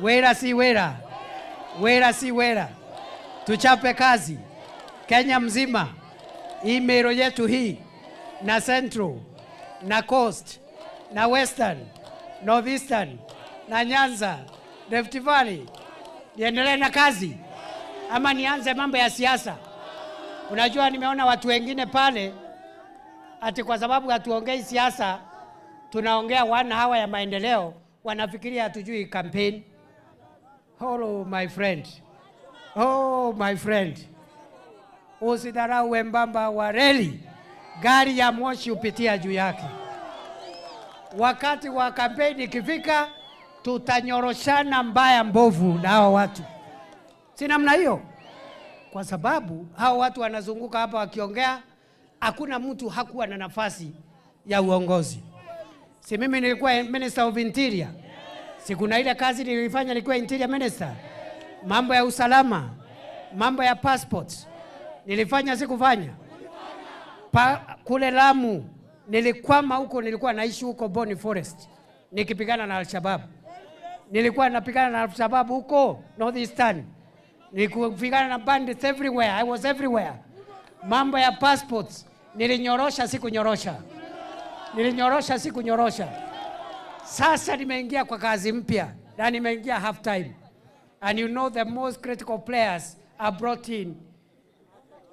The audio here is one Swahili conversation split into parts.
Wera si wera, wera si wera, tuchape kazi Kenya mzima. Hii Meru yetu hii na Central na Coast na Western, Northeastern na Nyanza, Rift Valley, niendelee na kazi ama nianze mambo ya siasa? Unajua, nimeona watu wengine pale ati kwa sababu hatuongei siasa, tunaongea wana hawa ya maendeleo, wanafikiria hatujui kampeni. Hello my friend. Oh my friend. Usidharau wembamba wa reli, gari ya moshi hupitia juu yake. Wakati wa kampeni ikifika, tutanyoroshana mbaya mbovu na hao watu, si namna hiyo? Kwa sababu hao watu wanazunguka hapa wakiongea, hakuna mtu hakuwa na nafasi ya uongozi. Si mimi nilikuwa minister of interior Si kuna ile kazi nilifanya nikiwa interior minister, mambo ya usalama, mambo ya passports nilifanya, sikufanya pa, kule Lamu nilikwama huko, nilikuwa naishi huko Boni Forest nikipigana na Alshababu, nilikuwa napigana na Alshababu huko North northeastern, nikupigana na bandits everywhere, I was everywhere. Mambo ya passports nilinyorosha, sikunyorosha, nilinyorosha, sikunyorosha sasa nimeingia kwa kazi mpya na nimeingia half time. And you know the most critical players are brought in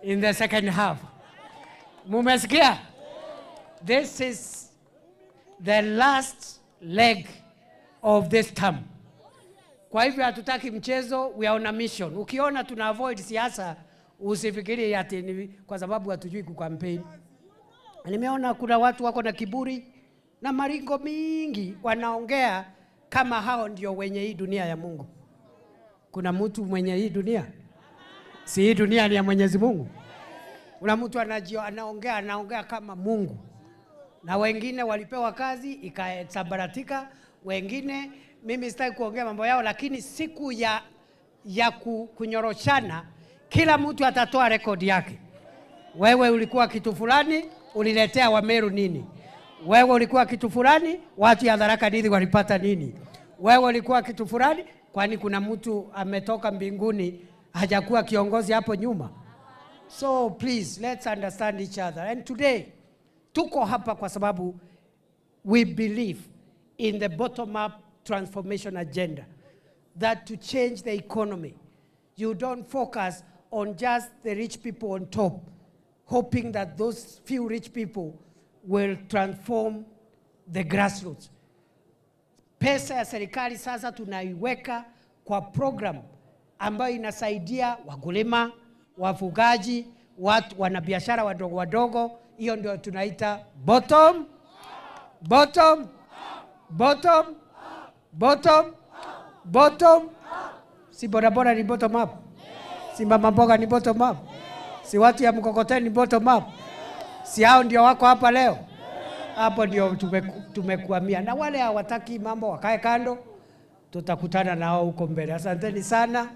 in the second half. Mumesikia? This is the last leg of this term. Kwa hivyo hatutaki mchezo, we are on a mission. Ukiona tuna avoid siasa, usifikiri ati kwa sababu hatujui kukampeni. Nimeona kuna watu wako na kiburi na maringo mingi wanaongea kama hao ndio wenye hii dunia ya Mungu. Kuna mtu mwenye hii dunia? Si hii dunia ni ya Mwenyezi Mungu. Kuna mtu anajio anaongea anaongea kama Mungu, na wengine walipewa kazi ikasabaratika, Wengine mimi sitaki kuongea mambo yao, lakini siku ya, ya kunyoroshana kila mtu atatoa rekodi yake. Wewe ulikuwa kitu fulani, uliletea Wameru nini? Wewe ulikuwa kitu fulani, watu ya Tharaka Nithi walipata nini? Wewe ulikuwa kitu fulani, kwani kuna mtu ametoka mbinguni hajakuwa kiongozi hapo nyuma? So please let's understand each other and today tuko hapa kwa sababu we believe in the bottom up transformation agenda that to change the economy you don't focus on just the rich people on top hoping that those few rich people will transform the grassroots. Pesa ya serikali sasa tunaiweka kwa program ambayo inasaidia wakulima, wafugaji, watu wanabiashara wadogo wadogo. Hiyo ndio tunaita bottom bottom bottom bottom bottom. Si bodaboda ni bottom up? Si mama mboga ni bottom up? Si watu ya mkokoteni ni bottom up? Si hao ndio wako hapa leo? Hapo ndio tumekuamia, na wale hawataki mambo wakae kando, tutakutana nao huko mbele. Asanteni sana.